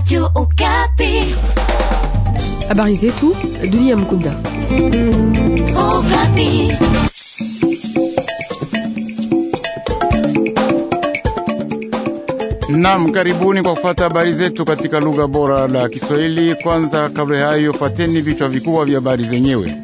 Radio Okapi. Habari zetu dunia mkunda. Okapi. Naam, karibuni kwa kufuata habari zetu katika lugha bora la Kiswahili. Kwanza, kabla ya hayo, fateni vichwa vikubwa vya habari zenyewe.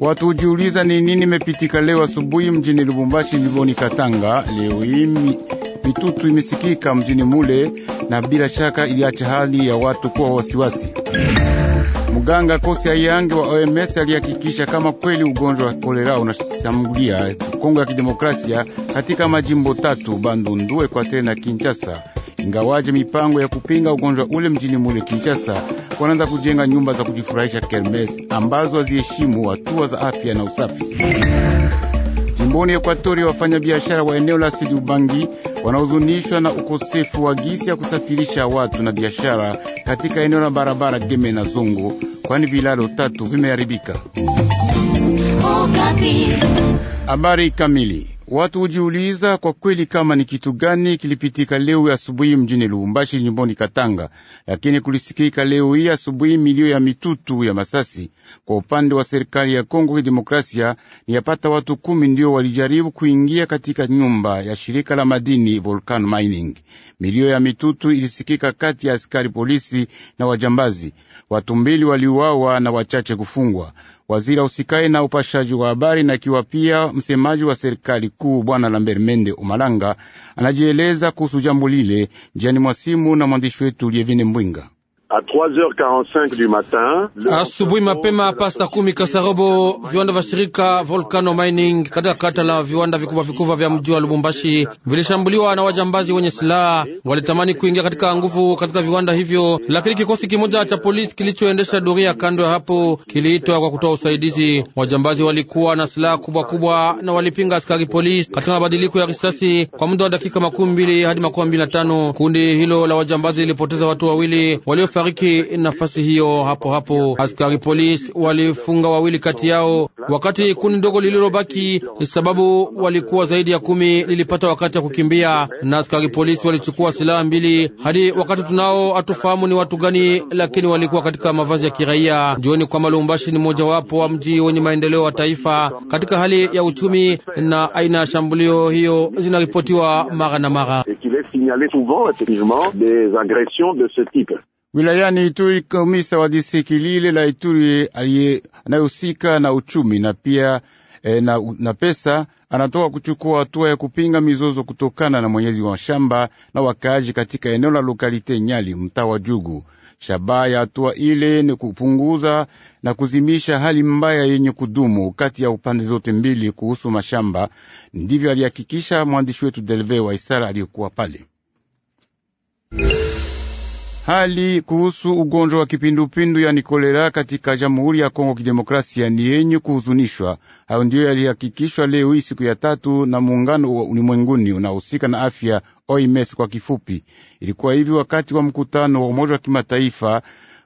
Watu hujiuliza ni nini imepitika leo asubuhi mjini Lubumbashi, jimboni Katanga. Leo hii mitutu imesikika mjini mule na bila shaka iliacha hali ya watu kuwa wasiwasi. Mganga Kosi Ayange wa OMS alihakikisha kama kweli ugonjwa wa kolera unashambulia Kongo ya Kidemokrasia katika majimbo tatu Bandundu, Ekwateri na Kinshasa, ingawaje mipango ya kupinga ugonjwa ule mjini mule Kinshasa wanaanza kujenga nyumba za kujifurahisha kermes ambazo haziheshimu hatua za afya na usafi. Jimboni wafanya biashara wa eneo la Sidi Ubangi wanaozunishwa na ukosefu wa gisi ya kusafirisha watu na biashara katika eneo la barabara Geme na Zongo, kwani vilalo tatu vimeharibika. Habari kamili. Watu hujiuliza kwa kweli kama ni kitu gani kilipitika leo asubuhi mjini Lubumbashi, jimboni Katanga, lakini kulisikika leo hii asubuhi milio ya mitutu ya masasi kwa upande wa serikali ya Kongo Kidemokrasia, ni yapata watu kumi ndio walijaribu kuingia katika nyumba ya shirika la madini Volcan Mining. Milio ya mitutu ilisikika kati ya askari polisi na wajambazi. Watu mbili waliuawa na wachache kufungwa. Waziri usikae na upashaji wa habari na kiwa pia msemaji wa serikali kuu bwana Lambert Mende Umalanga anajieleza kuhusu jambo lile njiani mwa simu na mwandishi wetu Lievine Mbwinga. Asubuhi mapema hapa saa kumi kasarobo, viwanda vya shirika Volcano Mining katika kata la viwanda vikubwa vikubwa vya mji wa Lubumbashi vilishambuliwa na wajambazi wenye silaha. Walitamani kuingia katika nguvu katika viwanda hivyo, lakini kikosi kimoja cha polisi kilichoendesha doria kando ya hapo kiliitwa kwa kutoa usaidizi. Wajambazi walikuwa na silaha kubwa kubwa na walipinga askari polisi katika mabadiliko ya risasi kwa muda wa dakika makumi mbili hadi makumi mbili na tano. Kundi hilo la wajambazi lilipoteza watu wawili walio walifariki nafasi hiyo hapo hapo. Askari polisi walifunga wawili kati yao, wakati kundi ndogo lililobaki, sababu walikuwa zaidi ya kumi, lilipata wakati ya kukimbia, na askari polisi walichukua silaha mbili. Hadi wakati tunao hatufahamu ni watu gani, lakini walikuwa katika mavazi ya kiraia. Jioni kwamba Lubumbashi ni mojawapo wa mji wenye maendeleo wa taifa katika hali ya uchumi, na aina ya shambulio hiyo zinaripotiwa mara na mara wilayani Ituri. Komisa wa distriki lile la Ituri anayehusika na uchumi na pia e, na, na pesa anatoka kuchukua hatua ya kupinga mizozo kutokana na mwenyezi wa shamba na wakaaji katika eneo la lokalite Nyali, mtaa wa Jugu. Shabaha ya hatua ile ni kupunguza na kuzimisha hali mbaya yenye kudumu kati ya upande zote mbili kuhusu mashamba. Ndivyo alihakikisha mwandishi wetu Delve wa Isara aliyekuwa pale. Hali kuhusu ugonjwa wa kipindupindu yani kolera katika Jamhuri ya Kongo Kidemokrasia ni yenye kuhuzunishwa. Hayo ndiyo yalihakikishwa leo hii siku ya tatu na muungano wa ulimwenguni unaohusika na afya OMS kwa kifupi. Ilikuwa hivi wakati wa mkutano wa Umoja wa Kimataifa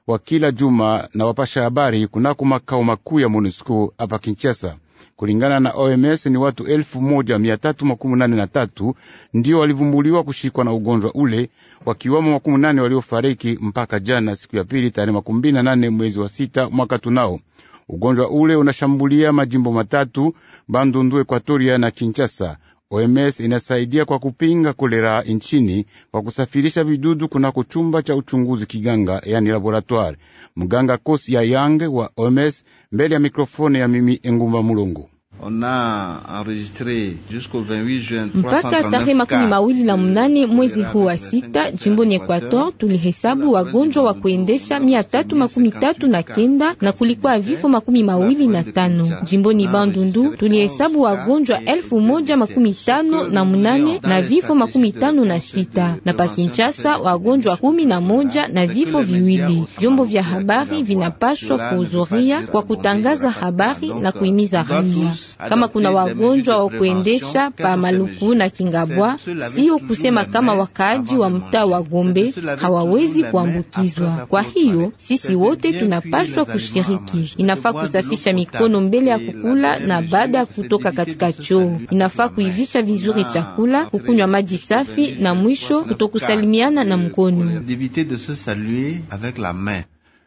wa kila juma na wapasha habari kunako makao makuu ya MONUSCO hapa Kinshasa. Kulingana na OMS ni watu elfu moja mia tatu makumi nane na tatu ndio walivumbuliwa kushikwa na ugonjwa ule, wakiwamo makumi nane waliofariki mpaka jana siku ya pili tarehe makumi mbili na nane mwezi wa sita mwaka tunao. Ugonjwa ule unashambulia majimbo matatu Bandundu, Ekwatoria na Kinshasa. OMS inasaidia kwa kupinga kolera nchini kwa kusafirisha vidudu kunako chumba cha uchunguzi kiganga, yani laboratoire. Mganga Kosi ya Yange wa OMS mbele ya mikrofone ya mimi Engumba Mulungu. Mpaka tarehe makumi mawili na mnane mwezi huu wa sita jimboni Ekwator tulihesabu wagonjwa wa kuendesha mia tatu makumi tatu na kenda na kulikuwa vifo makumi mawili na tano. Jimboni Bandundu tulihesabu wagonjwa elfu moja makumi tano na mnane na vifo makumi tano na sita na pa wagonjwa kumi na moja na vifo viwili. Vyombo vya habari vinapashwa kuhudhuria kwa kutangaza habari na kuhimiza raia kama kuna wagonjwa wa kuendesha pa Maluku na Kingabwa, sio kusema kama wakaaji wa mtaa wa Gombe hawawezi kuambukizwa. Kwa hiyo sisi wote tunapaswa kushiriki. Inafaa kusafisha mikono mbele ya kukula na baada ya kutoka katika choo. Inafaa kuivisha ah, vizuri chakula, kukunywa maji safi, na mwisho kutokusalimiana na euh, mkono.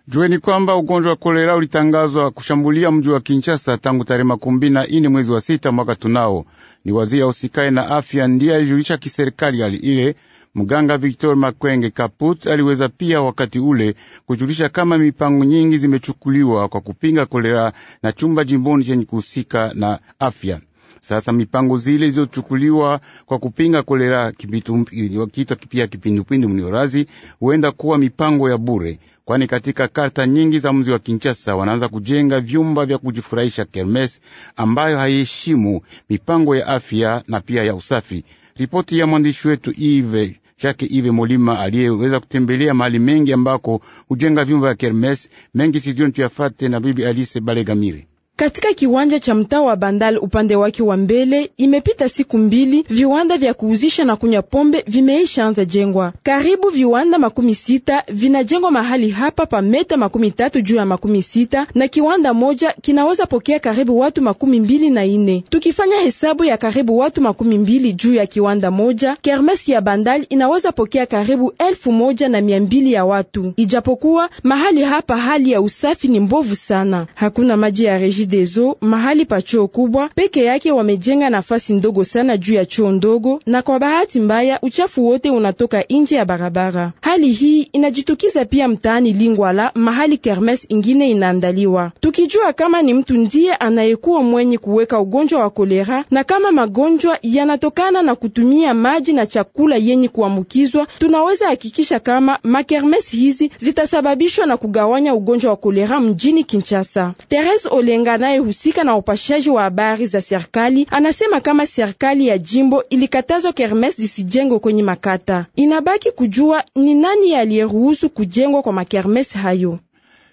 Jueni kwamba ugonjwa wa kolera ulitangazwa kushambulia mji wa Kinshasa tangu tarehe makumi na ine mwezi wa sita mwaka tunao. Ni waziri usikae na afya ndiye alijulisha kiserikali hali ile. Mganga Victor Makwenge Kaput aliweza pia wakati ule kujulisha kama mipango nyingi zimechukuliwa kwa kupinga kolera na chumba jimboni chenye kuhusika na afya. Sasa mipango zile zilizochukuliwa kwa kupinga kolera, kiitwa kipindupindu mniorazi, huenda kuwa mipango ya bure kwani katika karta nyingi za mji wa Kinshasa wanaanza kujenga vyumba vya kujifurahisha kermes ambayo haiheshimu mipango ya afya na pia ya usafi. Ripoti ya mwandishi wetu Ive chake Ive Molima aliyeweza kutembelea mahali mengi ambako hujenga vyumba vya kermes mengi. Sidioni tuyafate na bibi alise Balegamire katika kiwanja cha mtaa wa Bandal upande wake wa mbele. Imepita siku mbili, viwanda vya kuuzisha na kunywa pombe vimeishaanza jengwa. Karibu viwanda makumi sita vinajengwa mahali hapa pa meta makumi tatu juu ya makumi sita na kiwanda moja kinaweza pokea karibu watu makumi mbili na ine. Tukifanya hesabu ya karibu watu makumi mbili juu ya kiwanda moja, kermesi ya Bandal inaweza pokea karibu elfu moja na mia mbili ya watu, ijapokuwa mahali hapa hali ya usafi ni mbovu sana, hakuna maji ya reji Regideso mahali pa choo kubwa peke yake wamejenga nafasi ndogo sana juu ya choo ndogo, na kwa bahati mbaya uchafu wote unatoka nje ya barabara. Hali hii inajitukiza pia mtaani Lingwala mahali kermes ingine inaandaliwa, tukijua kama ni mtu ndiye anayekuwa mwenye kuweka ugonjwa wa kolera na kama magonjwa yanatokana na kutumia maji na chakula yenye kuambukizwa, tunaweza hakikisha kama makermes hizi zitasababishwa na kugawanya ugonjwa wa kolera mjini Kinshasa. Teres Olenga anayehusika na upashaji wa habari za serikali anasema kama serikali ya jimbo ilikatazwa kermes zisijengwe kwenye makata. Inabaki kujua ni nani aliyeruhusu kujengwa kwa makermes hayo.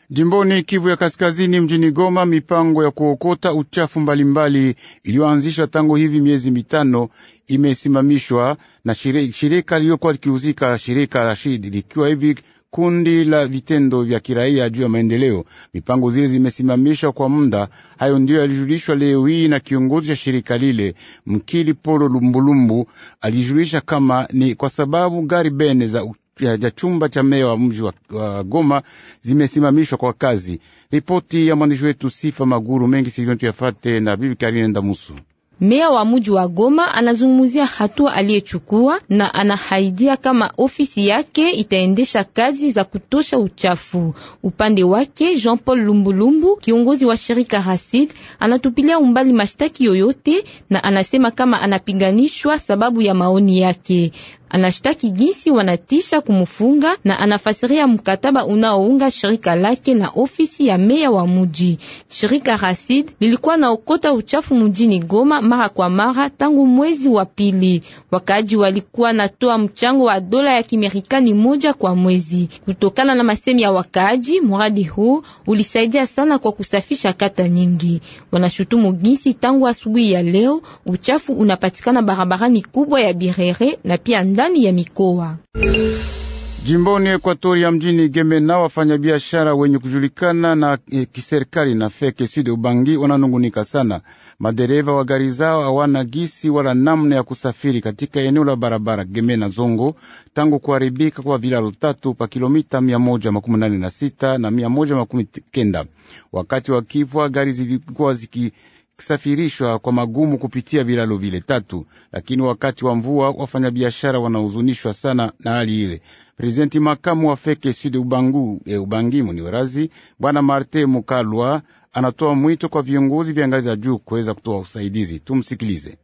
Jimboni Kivu ya Kaskazini, mjini Goma, mipango ya kuokota uchafu mbalimbali iliyoanzishwa tangu hivi miezi mitano imesimamishwa na shirika liliyokuwa likihusika, shirika Rashid, likiwa hivi kundi la vitendo vya kiraia juu ya maendeleo. Mipango zile zimesimamishwa kwa muda. Hayo ndiyo yalijulishwa leo hii na kiongozi cha shirika lile Mkili Polo Lumbulumbu. Alijulisha kama ni kwa sababu gari bene za ya chumba cha meya wa mji wa Goma zimesimamishwa kwa kazi. Ripoti ya mwandishi wetu Sifa Maguru mengi sivyo tuyafate na bibi Karine Ndamusu. Meya wa muji wa Goma anazungumzia hatua aliyechukua na anahaidia kama ofisi yake itaendesha kazi za kutosha uchafu. Upande wake Jean Paul Lumbulumbu, kiongozi wa shirika Hasid, anatupilia umbali mashtaki yoyote na anasema kama anapinganishwa sababu ya maoni yake anashtaki jinsi wanatisha kumfunga na anafasiria mkataba unaounga shirika lake na ofisi ya meya wa muji. Shirika Rasid lilikuwa na okota uchafu mujini Goma mara kwa mara tangu mwezi wa pili. Wakaji walikuwa natoa mchango wa dola ya Kimerikani moja kwa mwezi. Kutokana na masemi ya wakaji, mradi huu ulisaidia sana kwa kusafisha kata nyingi. Wanashutumu jinsi tangu asubuhi ya leo uchafu unapatikana barabarani kubwa ya Birere na pia ndani ya mikoa jimboni Ekuatoria mjini Gemena, wafanyabiashara wenye kujulikana na eh, kiserikali na feke Sud Ubangi wananungunika sana. Madereva wa gari zao hawana gisi wala namna ya kusafiri katika eneo la barabara Gemena Zongo tangu kuharibika kwa vilalo tatu pa kilomita 186 na 119, wakati kipwa gari zilikuwa ziki kusafirishwa kwa magumu kupitia vilalo vile tatu, lakini wakati wa mvua wafanyabiashara wanahuzunishwa sana na hali ile. Prezidenti makamu wa Feke Sud Ubangu, e Ubangi Muniwerazi, Bwana Marte Mukalwa anatoa mwito kwa viongozi vya ngazi ya juu kuweza kutoa usaidizi. Tumsikilize.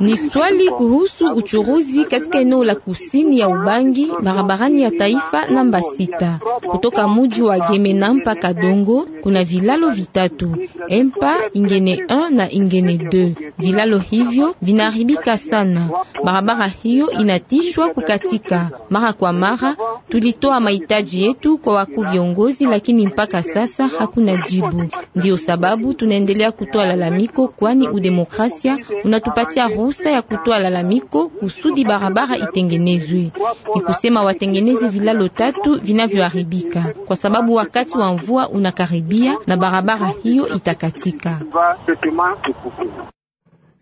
Ni swali kuhusu uchuruzi katika eneo la kusini ya Ubangi barabarani ya taifa namba sita kutoka muji wa Gemena mpaka Dongo. Kuna vilalo vitatu Empa, Ingene 1 na Ingene 2. Vilalo hivyo vinaharibika sana, barabara hiyo inatishwa kukatika mara kwa mara Tulitoa mahitaji yetu kwa wakuu viongozi, lakini mpaka sasa hakuna jibu. Ndiyo sababu tunaendelea kutoa lalamiko, kwani udemokrasia unatupatia ruhusa ya kutoa lalamiko kusudi barabara itengenezwe. Ni kusema watengeneze vilalo tatu vinavyoharibika, kwa sababu wakati wa mvua unakaribia na barabara hiyo itakatika.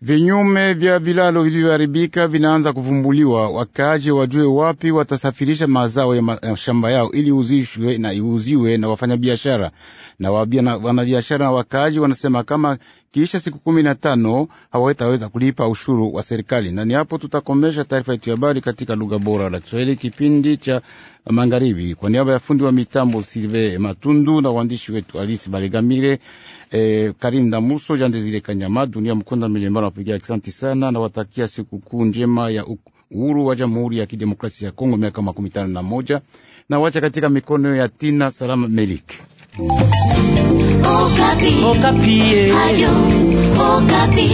Vinyume vya vilalo vilivyoharibika vinaanza kuvumbuliwa, wakaaji wajue wapi watasafirisha mazao ya mashamba yao ili uzishwe na iuziwe na wafanyabiashara na wanabiashara. Na wakaaji wanasema kama kisha siku kumi na tano hawataweza kulipa ushuru wa serikali. Na ni hapo tutakomesha taarifa yetu ya habari katika lugha bora la Kiswahili, kipindi cha magharibi. Kwa niaba ya fundi wa mitambo Silve Matundu na waandishi wetu Alisi Balegamire, eh, Karim Damuso, Jandezire Kanyama, Dunia Mkunda Milemba, napigia asante sana nawatakia watakia sikukuu njema ya uhuru wa Jamhuri ya Kidemokrasia ya Kongo miaka makumi tano na moja na wacha katika mikono ya Tina Salama Melik. Okapi. Okapi.